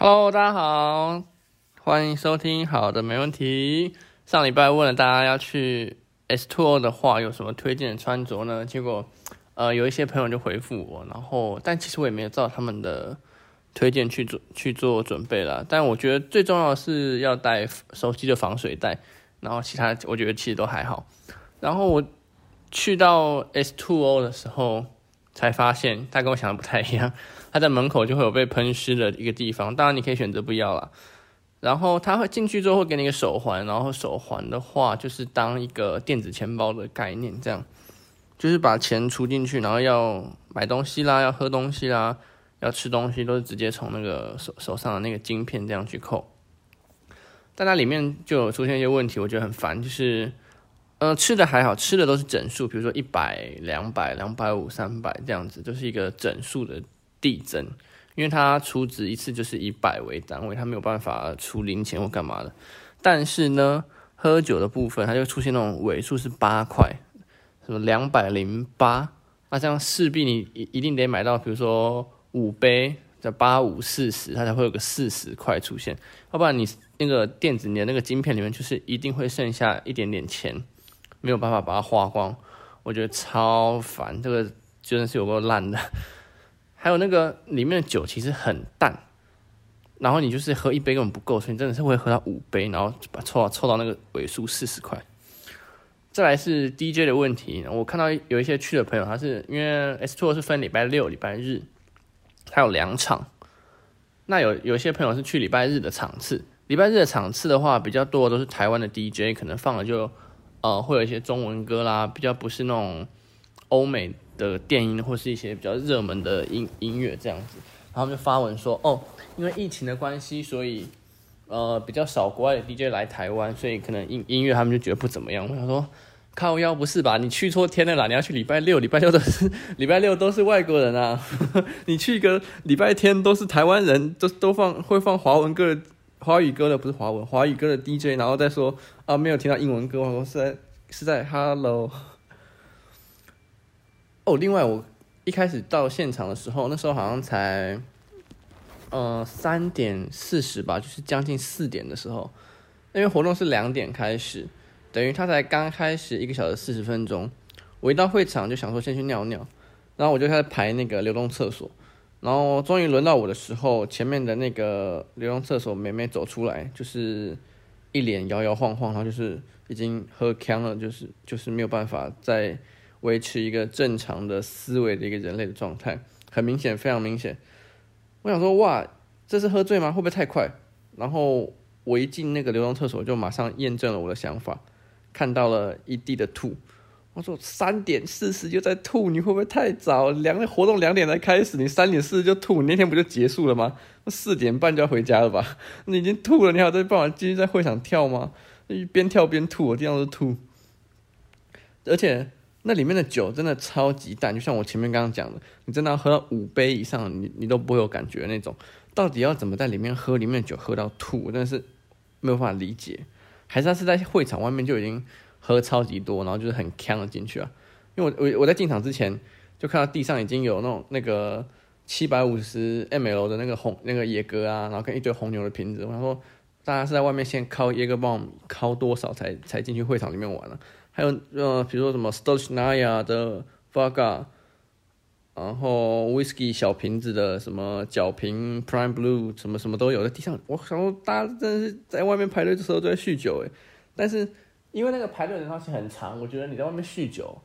Hello，大家好，歡迎收聽。好的，沒問題。上禮拜問了大家要去 S2O 的話，有什麼推薦的穿着呢？結果，呃，有一些朋友就回復我，然後，但其實我也沒有照他們的推薦去做去做準備啦。但我覺得最重要的是要帶手機的防水袋，然後其他我覺得其實都還好。然後我去到 S2O 的時候。才發現他跟我想的不太一樣，他在門口就會有被噴濕的一個地方，當然你可以選擇不要啦。然後他會進去之後會給你個手環，然後手環的話就是當一個電子錢包的概念，這樣就是把錢存進去，然後要買東西啦，要喝東西啦，要吃東西都是直接從那個手手上的那個晶片這樣去扣。但它裡面就有出現一些問題，我覺得很煩，就是。呃，吃的還好，吃的都是整數，比如說一百、兩百、兩百五、三百這樣子，就是一個整數的遞增，因為它儲值一次就是以百為單位，它沒有辦法出零錢或幹嘛的。但是呢，喝酒的部分，它就出現那種尾數是八塊，什麼兩百零八，那這樣勢必你一一定得買到，比如說五杯在八五四十，8, 5, 40，它才會有個四十塊出現，要不然你那個電子你的那個晶片裡面就是一定會剩下一點點錢。沒有辦法把它花光，我覺得超煩，這個真的是有夠爛的。還有那個裡面的酒其實很淡，然後你就是喝一杯根本不夠，所以你真的是會喝到五杯，然後把湊湊到，到那個尾數四十塊。再來是 DJ 的問題，我看到有一些去的朋友，他是因為 S2O 是分禮拜六、禮拜日，還有兩場。那有有些朋友是去禮拜日的場次，禮拜日的場次的話比較多，都是台灣的 DJ，可能放了就。呃，會有一些中文歌啦，比較不是那種歐美的電音，或是一些比較熱門的音音樂這樣子。然後他們就發文說，哦，因為疫情的關係，所以呃比較少國外的 DJ 來台灣，所以可能音音樂他們就覺得不怎麼樣。我想說，靠腰不是吧？你去錯天了啦，你要去禮拜六，禮拜六都是禮拜六都是外國人啊， 你去一個禮拜天都是台灣人，都都放會放華文歌。華語歌的不是華文，華語歌的 DJ，然後再說啊，沒有聽到英文歌，我說是在是在 Hello。哦，另外我一開始到現場的時候，那時候好像才呃三點四十吧，就是將近四點的時候，因為活動是兩點開始，等於他才剛開始一個小時四十分鐘，我一到會場就想說先去尿尿，然後我就開始排那個流動廁所。然後終於輪到我的時候，前面的那個流動廁所妹妹走出來，就是一臉搖搖晃晃，然後就是已經喝強了，就是就是沒有辦法再維持一個正常的思維的一個人類的狀態，很明顯，非常明顯。我想說，哇，這是喝醉嗎？會不會太快？然後我一進那個流動廁所，就馬上驗證了我的想法，看到了一地的吐。我說三點四十就在吐，你會不會太早？兩活動兩點才開始，你三點四十就吐，你那天不就結束了嗎？四點半就要回家了吧？你已經吐了，你還在辦法繼續在會場跳嗎？邊跳邊吐，我這樣子吐。而且那裡面的酒真的超級淡，就像我前面剛剛講的，你真的要喝五杯以上，你你都不會有感覺的那種。到底要怎麼在裡面喝裡面的酒喝到吐？但是沒有辦法理解，還是他是在會場外面就已經。喝超級多，然後就是很鏘地進去啊！因為我我我在進場之前就看到地上已經有那種那個七百五十 mL 的那個紅那個野格啊，然後跟一堆紅牛的瓶子。我想說大家是在外面先靠野格 bomb 靠多少才才進去會場裡面玩了、啊？還有呃比如說什麼 Stolichnaya 的 Vodka 然後 Whisky 小瓶子的什麼角瓶 Prime Blue 什麼什麼都有在地上。我想說大家真的是在外面排隊的時候都在酗酒誒、欸，但是。因為那個排隊人潮其實很長，我覺得你在外面酗酒，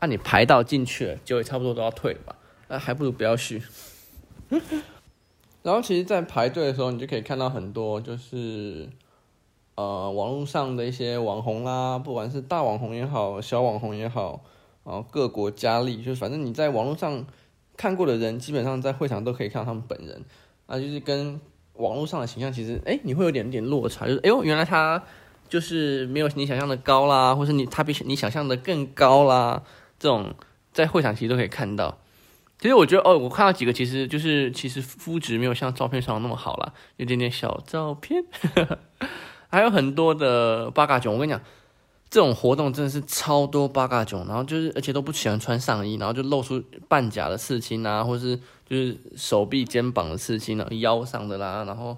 那、啊、你排到進去了，酒也差不多都要退吧，那還不如不要酗。 然後其實，在排隊的時候，你就可以看到很多，就是呃，網絡上的一些網紅啦、啊，不管是大網紅也好，小網紅也好，各國佳麗，就是反正你在網絡上看過的人，基本上在會場都可以看到他們本人，那就是跟網絡上的形象，其實哎，你會有點點落差，就是哎呦，原來他。就是沒有你想象的高啦，或是你他比你想象的更高啦，這種在會場其實都可以看到。其實我覺得哦，我看到幾個其實就是其實膚質沒有像照片上那麼好啦，有點點小照片。 還有很多的八嘎囧，我跟你講，這種活動真的是超多八嘎囧，然後就是而且都不喜歡穿上衣，然後就露出半甲的刺青啊，或是就是手臂、肩膀的刺青啊，腰上的啦，然後。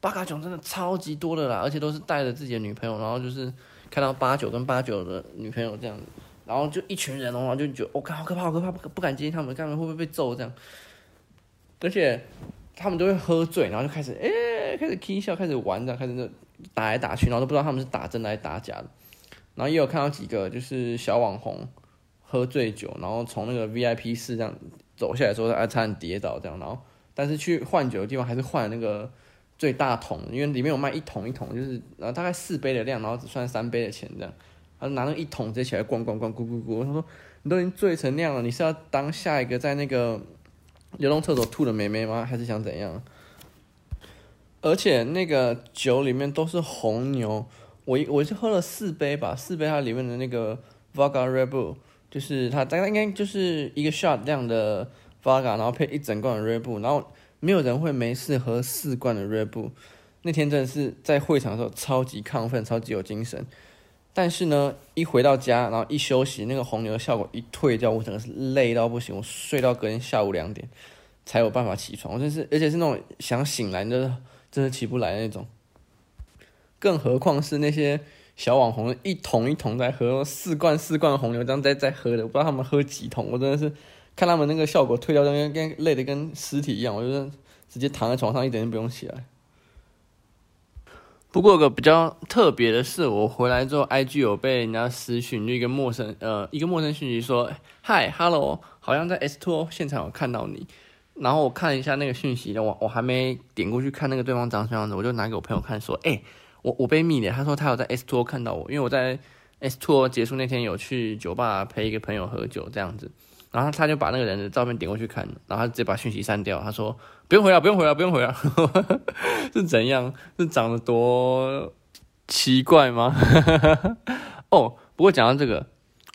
八嘎囧真的超級多的啦，而且都是帶着自己的女朋友，然後就是看到八九跟八九的女朋友這樣子，然後就一群人的話、哦，然後就覺得哦，好可怕，好可怕，不敢接近他們，他們會不會被揍這樣？而且他們都會喝醉，然後就開始哎、欸，開始嬉笑，開始玩這樣，開始打來打去，然後都不知道他們是打真來打假的。然後也有看到幾個就是小網紅喝醉酒，然後從那個 VIP 室這樣走下來說後，還差點跌倒這樣。然後但是去換酒的地方還是換那個。最大桶，因為裡面有賣一桶一桶，就是然、啊、大概四杯的量，然後只算三杯的錢這樣。他、啊、拿那一桶接起來灌灌灌，咕咕咕咕。他說：“你都已經醉成那樣了，你是要當下一個在那個流動廁所吐的美眉嗎？還是想怎樣？”而且那個酒裡面都是紅牛，我我是喝了四杯吧，四杯它裡面的那個 vodka red bull，就是它大概應該就是一個 shot 量的 vodka，然後配一整罐的 red bull，然後。沒有人會沒事喝四罐的 Red Bull，那天真的是在會場的時候超級亢奮，超級有精神。但是呢，一回到家，然後一休息，那個紅牛的效果一退掉，我真的是累到不行，我睡到隔天下午兩點才有辦法起床。我真是，而且是那種想醒來，真的真的起不來的那種。更何況是那些小網紅，一桶一桶在喝四罐四罐紅牛，這樣在在喝的，我不知道他們喝幾桶，我真的是。看他們那個效果，退掉妝，跟累的跟累得跟屍體一樣，我就直接躺在床上，一點都不用起來。不過個比較特別的是，我回來之後，IG 有被人家私訊，就一個陌生，呃，一個陌生訊息說，嗨，hello，好像在 S2O 現場有看到你。然後我看一下那個訊息的，我我還沒點過去看那個對方長什麼樣子，我就拿給我朋友看，說，哎、欸，我我被密了。他說他有在 S2O 看到我，因為我在。S2O 結束那天有去酒吧陪一個朋友喝酒這樣子，然後他就把那個人的照片點過去看，然後他就直接把訊息刪掉。他說不用回了，不用回了，不用回了。 是怎樣？是長得多奇怪嗎？哦，不過講到這個，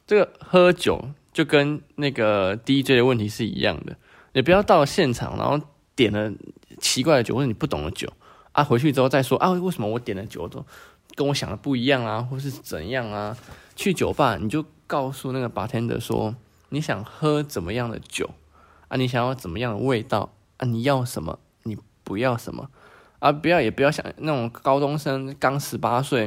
這個喝酒就跟那個 DJ 的問題是一樣的。你不要到現場，然後點了奇怪的酒或者你不懂的酒啊，回去之後再說啊，為什麼我點了酒之後，跟我想的不一樣啊，或是怎樣啊？去酒吧你就告訴那個 bartender 說你想喝怎麼樣的酒啊，你想要怎麼樣的味道啊？你要什麼？你不要什麼？啊，不要也不要想那種高中生剛十八歲，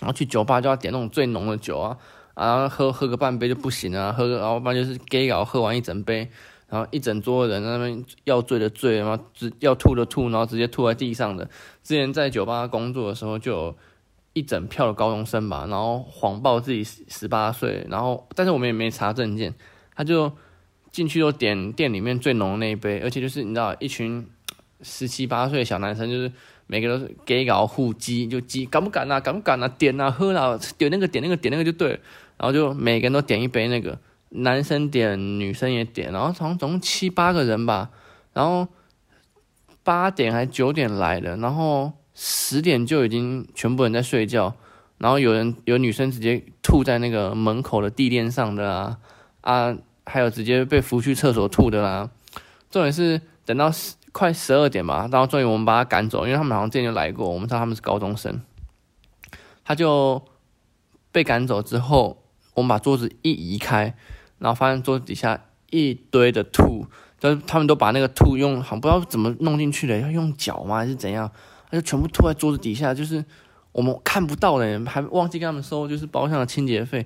然後去酒吧就要點那種最濃的酒啊啊，喝喝個半杯就不行啊，喝個然後不就是硬要喝完一整杯，然後一整桌的人在那邊要醉的醉，然後只要吐的吐，然後直接吐在地上的。之前在酒吧工作的時候就有。一整票的高中生吧，然後謊報自己十八歲，然後但是我們也沒查證件，他就進去又點店裡面最濃的那一杯，而且就是你知道一群十七八歲的小男生，就是每個都是給搞護雞就雞敢不敢啊，敢不敢啊，點啊喝啦點那個點那個點那個、點那個就對，然後就每個人都點一杯那個男生點女生也點，然後總總共七八個人吧，然後八點還九點來的，然後。十點就已經全部人在睡覺，然後有人有女生直接吐在那個門口的地墊上的啊啊，還有直接被扶去廁所吐的啦、啊。重點是等到快十二點嘛，然後終於我們把他趕走，因為他們好像之前就來過，我們知道他們是高中生。他就被趕走之後，我們把桌子一移開，然後發現桌子底下一堆的吐，但、就是他們都把那個吐用好像不知道怎麼弄進去的，要用腳嗎還是怎樣？就全部吐在桌子底下，就是我們看不到的人，還忘記跟他們收，就是包廂的清潔費。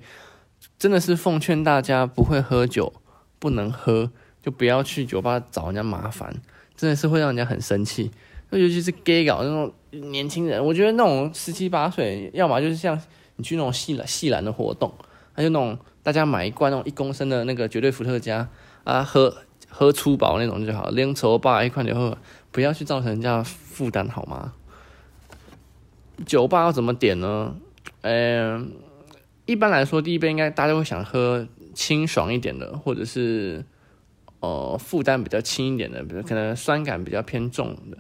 真的是奉勸大家，不會喝酒不能喝，就不要去酒吧找人家麻煩，真的是會讓人家很生氣。那尤其是 gay 佬那種年輕人，我覺得那種十七八歲，要麼就是像你去那種細蘭細蘭的活動，他就那種大家買一罐那種一公升的那個絕對伏特加啊喝。喝粗飽那種就好，拎稠飽一塊點喝，不要去造成人家負擔好嗎？酒吧要怎麼點呢？嗯、欸，一般來說，第一杯應該大家會想喝清爽一點的，或者是呃負擔比較輕一點的，比如可能酸感比較偏重的。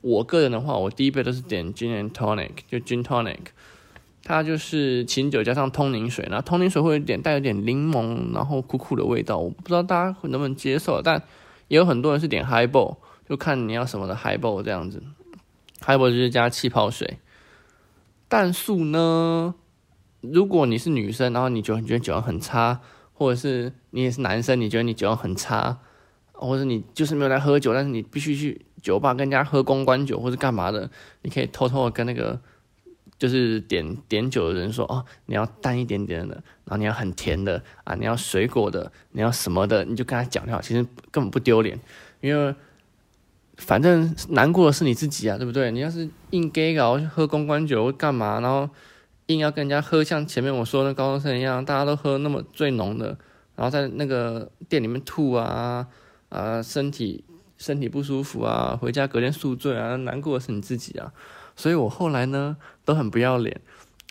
我個人的話，我第一杯都是點 gin and tonic，就 gin tonic。它就是琴酒加上通寧水，然後通寧水會有點帶有點檸檬，然後苦苦的味道，我不知道大家能不能接受，但也有很多人是點 high ball 就看你要什麼的 high ball 這樣子，high ball 就是加氣泡水。但素呢，如果你是女生，然後你覺得覺得酒量很差，或者是你也是男生，你覺得你酒量很差，或者你就是沒有來喝酒，但是你必須去酒吧跟人家喝公關酒或者幹嘛的，你可以偷偷的跟那個。就是點點酒的人說哦，你要淡一點點的，然後你要很甜的啊，你要水果的，你要什麼的，你就跟他講就好。其實根本不丟臉，因為反正難過的是你自己啊，對不對？你要是硬 gay 了然後去喝公關酒或幹嘛，然後硬要跟人家喝，像前面我說的高中生一樣，大家都喝那麼最濃的，然後在那個店裡面吐啊，啊，身體身體不舒服啊，回家隔天宿醉啊，難過的是你自己啊。所以我後來呢都很不要臉，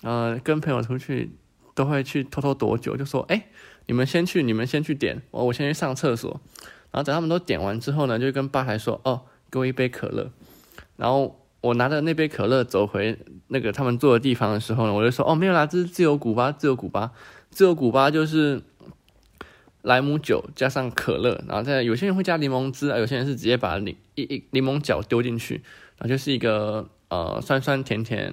呃，跟朋友出去都會去偷偷躲酒，就說：“哎、欸，你們先去，你們先去點，我我先去上廁所。”然後等他們都點完之後呢，就跟吧台說：“哦，給我一杯可樂。”然後我拿着那杯可樂走回那個他們坐的地方的時候呢，我就說：“哦，沒有啦，這是自由古巴，自由古巴，自由古巴就是，萊姆酒加上可樂，然後在有些人會加檸檬汁，有些人是直接把檸一一檸檬角丟進去，然後就是一個。”呃，酸酸甜甜，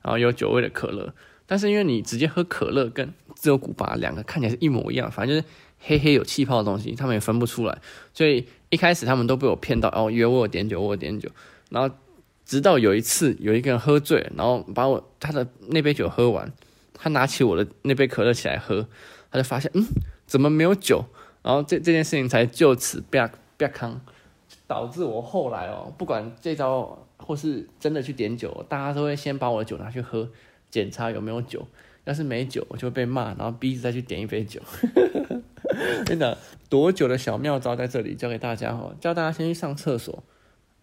然後有酒味的可樂，但是因為你直接喝可樂跟自由古巴兩個看起來是一模一樣，反正就是黑黑有氣泡的東西，他們也分不出來，所以一開始他們都被我騙到，然後約我點酒，我點酒，然後直到有一次有一個人喝醉，然後把我他的那杯酒喝完，他拿起我的那杯可樂起來喝，他就發現嗯，怎麼沒有酒？然後這這件事情才就此不要康。導致我後來哦、喔，不管這招或是真的去點酒，大家都會先把我的酒拿去喝，檢查有沒有酒。要是沒酒，我就會被罵，然後逼着再去點一杯酒。跟你講，躲酒的小妙招在這裡，教給大家哦、喔，教大家先去上廁所，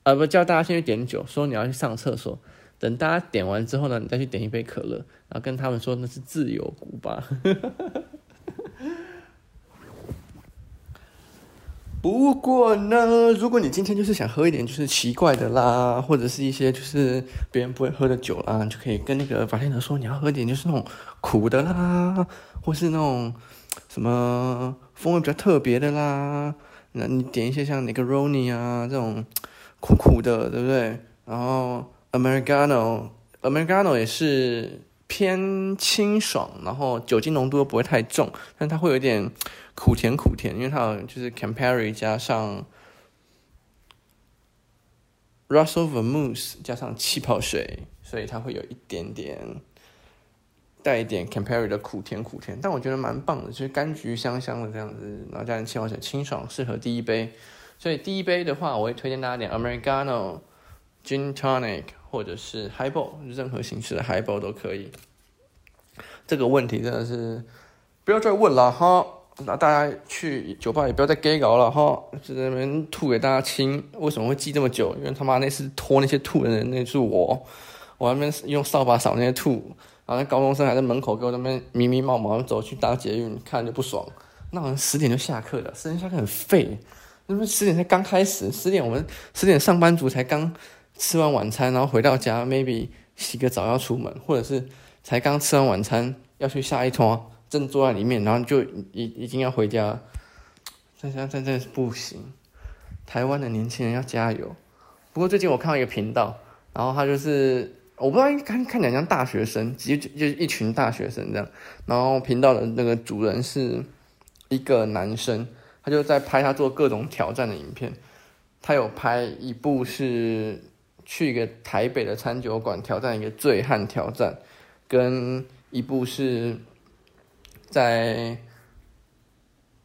啊、呃，不，教大家先去點酒，說你要去上廁所。等大家點完之後呢，你再去點一杯可樂，然後跟他們說那是自由古巴。 不過呢，如果你今天就是想喝一點就是奇怪的啦，或者是一些就是別人不會喝的酒啦，你就可以跟那個法天德說你要喝一點就是那種苦的啦，或是那種什麼風味比較特別的啦。那你點一些像那個 Negroni 啊這種苦苦的，對不對？然後 Americano，Americano Americano 也是偏清爽，然後酒精濃度不會太重，但它會有一點。苦甜苦甜，因為它有就是 Campari 加上 Russell Vermouth 加上氣泡水，所以它會有一點點帶一點 Campari 的苦甜苦甜。但我覺得蠻棒的，就是柑橘香香的這樣子，然後加上氣泡水清爽，適合第一杯。所以第一杯的話，我會推薦大家點 Americano Gin Tonic 或者是 Highball 任何形式的 Highball 都可以。這個問題真的是不要再問了哈。那大家去酒吧也不要再 gay 搞了哈，就在那邊吐給大家聽。為什麼會記這麼久？因為他媽那次拖那些吐的人，那是我，我那邊用掃把掃那些吐，然後那高中生還在門口給我那邊迷迷茫茫走去搭捷運，看着就不爽。那好像十點就下課了，十點下課很廢。那麼十點才剛開始，十點我們十點上班族才剛吃完晚餐，然後回到家，maybe 洗個澡要出門，或者是才剛吃完晚餐要去下一拖。正坐在裡面，然後就已已經要回家，這樣這樣是不行。台灣的年輕人要加油。不過最近我看到一個頻道，然後他就是，我不知道，看看哪像大學生，直接就，就，就一群大學生這樣。然後頻道的那個主人是一個男生，他就在拍他做各種挑戰的影片。他有拍一部是去一個台北的餐酒館挑戰一個醉漢挑戰，跟一部是。在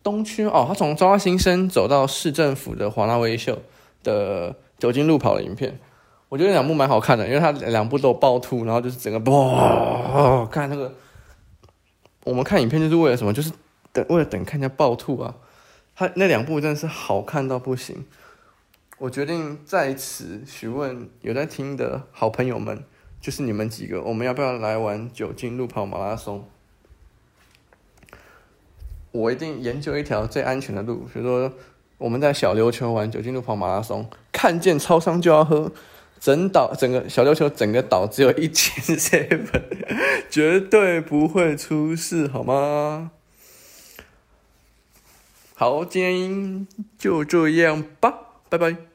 東區哦，他從忠孝新生走到市政府的華納威秀的酒精路跑的影片，我覺得兩部蠻好看的，因為他兩部都有暴吐，然後就是整個哇、哦哦，看那個，我們看影片就是為了什麼？就是等為了等看一下暴吐啊！他那兩部真的是好看到不行。我決定在此詢問有在聽的好朋友們，就是你們幾個，我們要不要來玩酒精路跑馬拉松？我一定研究一條最安全的路。比如說，我們在小琉球玩酒精路跑馬拉松，看見超商就要喝。整島，整個小琉球整個島只有一千 Seven，絕對不會出事，好嗎？好，今天就這樣吧，拜拜。